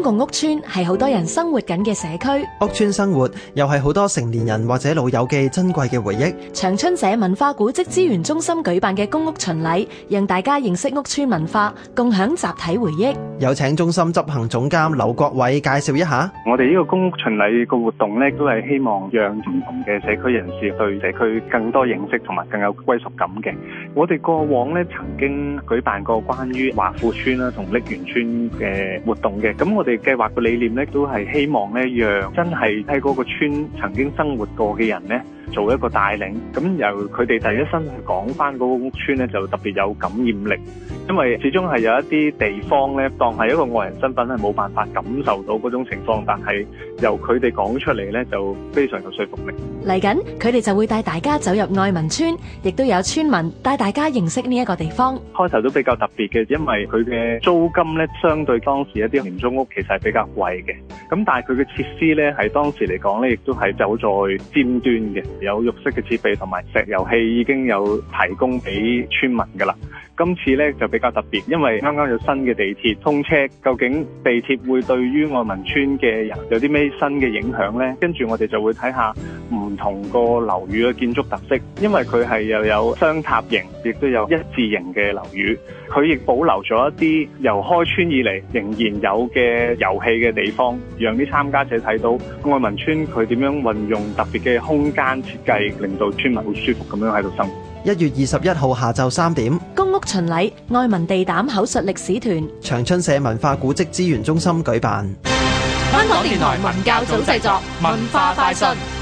公共屋邨係好多人生活緊嘅社區，屋邨生活又係好多成年人或者老友嘅珍貴嘅回憶。長春社文化古蹟資源中心舉辦嘅公屋巡禮，讓大家認識屋邨文化，共享集體回憶。有請中心執行總監劉國偉介紹一下。我哋呢個公屋巡禮個活動呢，都係希望讓唔同嘅社區人士對社區更多認識，同埋更有歸屬感嘅。我哋過往呢曾經舉辦過關於華富邨啦、同瀝源邨嘅活動嘅，咁我。我哋計劃嘅理念咧，都係希望咧，讓真係喺嗰個村曾經生活過嘅人咧，做一個帶領。咁由佢哋第一身講翻嗰個屋村咧，就特別有感染力。因為始終係有一啲地方咧，當係一個外人身份咧，冇辦法感受到嗰種情況，但係由佢哋講出嚟咧，就非常有說服力。嚟緊佢哋就會帶大家走入愛民村，亦都有村民帶大家認識呢一個地方。開頭都比較特別嘅，因為佢嘅租金咧，相對當時一啲廉租屋。其實係比較貴嘅，咁但係佢嘅設施呢，係當時嚟講呢，亦都係走在尖端嘅，有浴室嘅設備，同埋石油氣已經有提供俾村民噶啦。今次呢，就比較特別，因為啱啱有新嘅地鐵通車，究竟地鐵會對於愛民村嘅人有啲咩新嘅影響呢？跟住我哋就會睇下。同個樓宇嘅建築特色，因為佢係又有雙塔型，亦都有一字型嘅樓宇，佢亦保留咗一啲由開村以嚟仍然有嘅遊戲嘅地方，讓啲參加者睇到愛民村佢點樣運用特別嘅空間設計，令到村民好舒服咁樣喺度生活。一月二十一號下晝三點，公屋巡禮愛民地膽口述歷史團，長春社文化古蹟資源中心舉辦。香港電台文教組製作文化快訊。